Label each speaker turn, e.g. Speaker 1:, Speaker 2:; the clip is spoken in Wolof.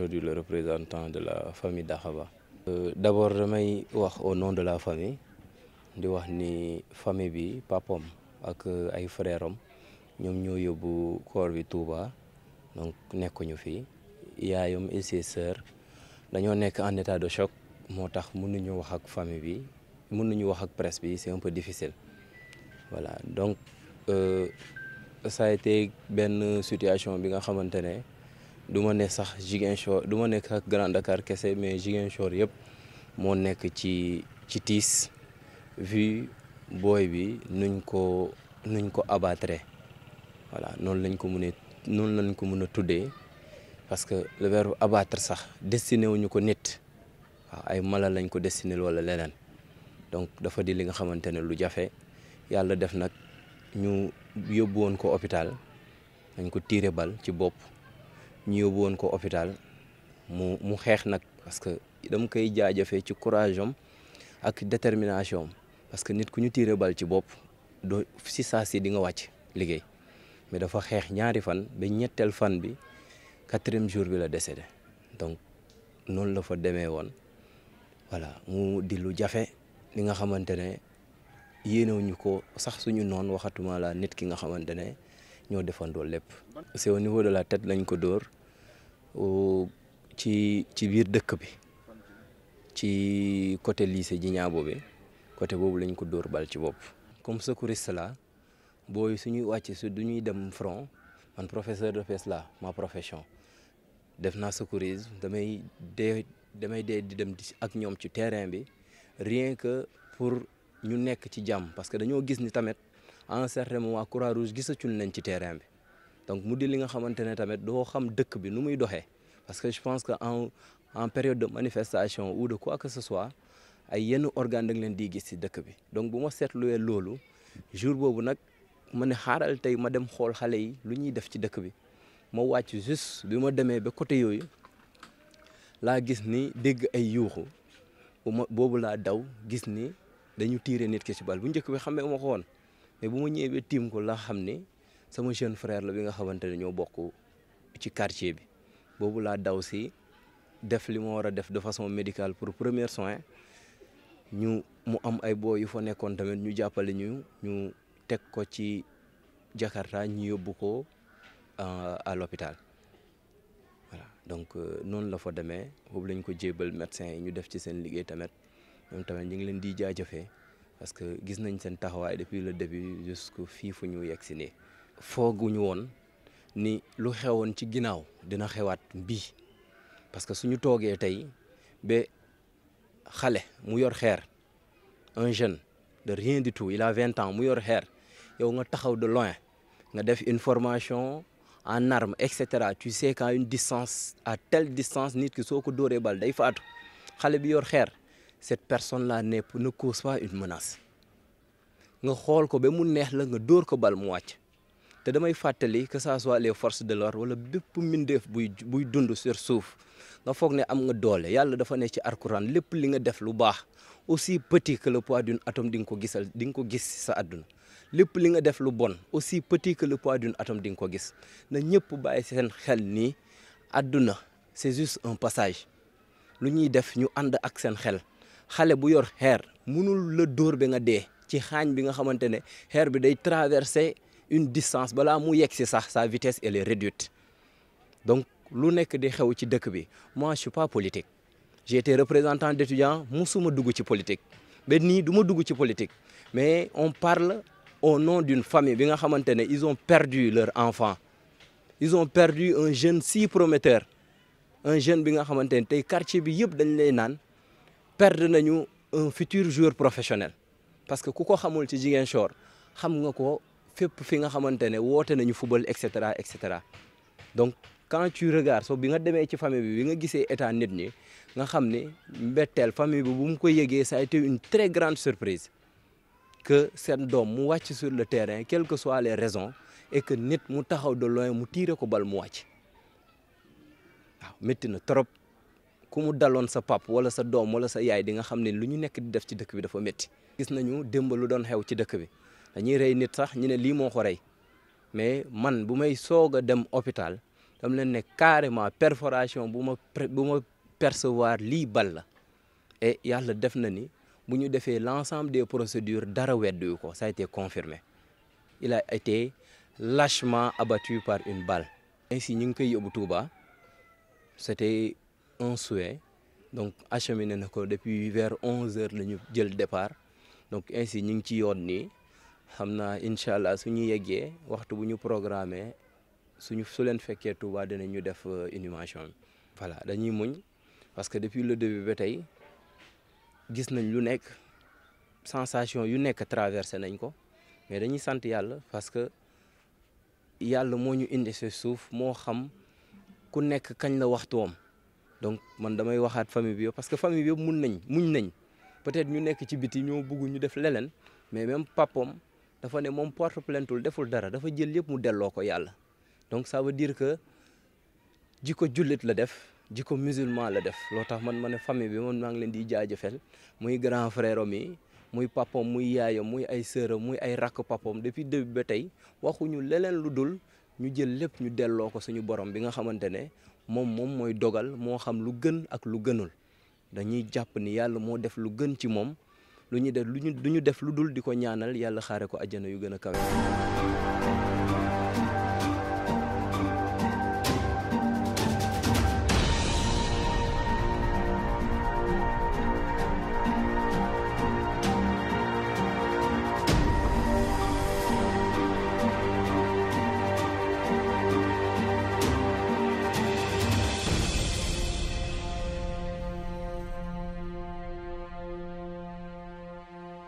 Speaker 1: aujourd'hui le représentant de la famille Daxaba. Euh, d'abord damay wax au nom de la famille di wax ni famille bi papam ak euh, ay frères ñoom ñoo yóbbu corps bi Touba donc nekkuñu fi yaayam et ses sœurs dañoo nekk en état de choc moo tax mun nañu wax ak famille bi mun nañu wax ak presse bi c'est un peu difficile voilà donc euh, ça benn situation bi nga xamante ne. du ma ne sax Ziguinchor du ma nekk sax Grand Dakar kese mais Ziguinchor yëpp moo nekk ci ci tiis vu booy bi nuñ ko nuñ ko abattre voilà noonu lañ ko mënee noonu lañ ko mën a tuddee parce que le verbe sax destiné wuñu ko nit waaw ay mala lañ ko destiné wala leneen donc dafa di li nga xamante ne lu jafe yàlla def nag ñu yóbbu woon ko hôpital dañ ko tiire bal ci bopp ñu yóbbu woon ko hôpital mu mu xeex nag parce que dama koy jaajëfee ci courage am ak détermination am parce que nit ku ñu tiire bal ci bopp doo si saa si di nga wàcc liggéey mais dafa xeex ñaari fan ba ñetteel fan bi quatrième jour bi la décédé donc noonu la fa demee woon voilà mu di jafe li nga xamante ne yéenewuñu ko sax suñu noon waxatuma la nit ki nga xamante ne ñoo defandoo lépp. c'est au niveau de la tête lañ ko dóor ci ci biir dëkk bi ci côté lycée Djignabo bi côté boobu lañ ko dóor bal ci bopp. comme secouriste la booy suñuy wàcc su du ñuy dem front man professeur de PS la ma profession def naa secourisme damay dee damay dee di dem ak ñoom ci terrain bi rien que pour ñu nekk ci jàmm parce que dañoo gis ni tamit. à un certain moment Croix-Rouge gisatul nañ ci terrain bi donc mu di li nga xamante ne tamit doo xam dëkk bi nu muy doxee parce que je pense que en en période de manifestation ou de quoi que ce soit ay yenn organe da leen di gis ci dëkk bi donc bu ma seetluwee loolu jour boobu nag ma xaaral tey ma dem xool xale yi lu ñuy def ci dëkk bi ma wàcc juste bi ma demee ba côté yooyu laa gis ni dégg ay yuuxu ma boobu laa daw gis ni dañu tiire nit ki ci bal bu njëkk bi xamee ma ko woon mais bu ma ñëwee ba tiim ko laa xam ni sama jeune frère la bi nga xamante ne ñoo bokk ci quartier bi boobu laa daw si def li ma war a def de façon médicale pour premier soin ñu mu am ay boo yu fa nekkoon tamit ñu jàppale ñu ñu teg ko ci Jakarta ñu yóbbu ko euh, à l'hôpital voilà donc euh, noonu la foo demee boobu lañ ko jébal médecin yi ñu def ci seen liggéey tamit ñoom tamit ñu ngi leen di jaajëfee parce que gis nañ seen taxawaay depuis le début jusque fii fu ñu yegg si nii. fooguñu woon ni lu xewoon ci ginnaaw dina xewaat mbii parce que suñu toogee tey ba xale mu yor xeer un jeune de rien du tout il a vingt ans mu yor xeer yow nga taxaw de loin nga def une formation en arme et cetera tu sais qu'à une distance à telle distance nit ki soo ko dooree bal day faatu xale bi yor xeer. cette personne la ne ne cause pas une menace nga xool ko ba mu neex la nga dóor ko bal mu wàcc te damay fàttali que ça soit les forces de l'ordre wala bépp mbindeef buy buy dund sur suuf nga foog ne am nga doole yàlla dafa ne ci Alxuraan lépp li nga def lu baax aussi petit que le poids d'une atome di nga ko gisal di nga ko gis sa àdduna lépp li nga def lu bon aussi petit que le d'une atome di nga ko gis na ñëpp bàyyi seen xel nii àdduna c'est juste un passage lu ñuy def ñu ànd ak seen xel xale bu yor xeer munul la dóor bi nga dee ci xaañ bi nga xamante ne xeer bi day traverser une distance balaa mu yegg si sax sa vitesse et est réduite donc lu nekk di xew ci dëkk bi moi je suis pas politique j'ai été représentant d'étudiants musuma dugg ci politique ba nii du ma dugg ci politique mais on parle au nom d'une famille bi nga xamante ne ils ont perdu leur enfant ils ont perdu un jeune si prometteur un jeune bi nga xamante ne tey quartier bi yëpp dañ lay naan perdre nañu un futur joueur professionnel parce que ku ko xamul ci Ziguinchor xam nga ko fépp fi nga xamante ne woote nañu football et cetera et cetera donc quand tu regardes so bi nga demee ci famille bi bi nga gisee état nit ñi nga xam ne mbetteel famille bi bu mu ko yegee ça a une très grande surprise que seen doom mu wàcc sur le terrain quelles que soient les raison et que nit mu taxaw de loin mu tiire ko bal mu wàcc waaw métti na trop ku mu daloon sa pap wala sa doom wala sa yaay di nga xam ne lu ñu nekk di def ci dëkk bi dafa métti gis nañu démb doon xew ci dëkk bi dañuy rey nit sax ñu ne lii moo ko rey mais man bu may soog a dem hôpital dam la ne carrément perforation bu ma bu ma percevoir lii bal la et yàlla def na ni bu ñu defee l'ensemble des procédures dara weddu ko ça a été confirmé il a été lâchement abattu par une balle ainsi ñu ngi koy yóbbu tuuba un souhait donc acheminé na ko depuis vers onze heures la ñu jël départ donc ainsi ñu ngi ci yoon nii xam naa incha su ñu yeggee waxtu bu ñu programmé suñu su leen fekkee Touba dina ñu def euh, inhumation bi voilà dañuy muñ parce que depuis le début ba tey gis nañ lu nekk sansation yu nekk traversé nañ ko mais dañuy sant yàlla parce que yàlla moo ñu indi si suuf moo xam ku nekk kañ la waxtuwam donc man damay waxaat famille bi yëpp parce que famille bi yëpp mun nañ muñ nañ peut-être ñu nekk ci biti ñoo bëgg ñu def leneen mais même papam dafa ne moom porte plaintul deful dara dafa jël yëpp mu delloo ko yàlla donc saa veut dire que jikko jullit la def jikko musulman la def loo tax man ma ne famille bi man maa ngi leen di jaajëfal muy grand frère mi muy papam muy yaayam muy ay sœuram muy ay rakk papam depuis début ba tey waxuñu leleen lu dul ñu jël lépp ñu delloo ko suñu borom bi nga xamante ne moom moom mooy dogal moo xam lu gën ak lu gënul dañuy jàpp ni yàlla moo def lu gën ci moom lu ñuy def lu ñu def lu dul di ko ñaanal yàlla xaare ko àjjana yu gën a kawe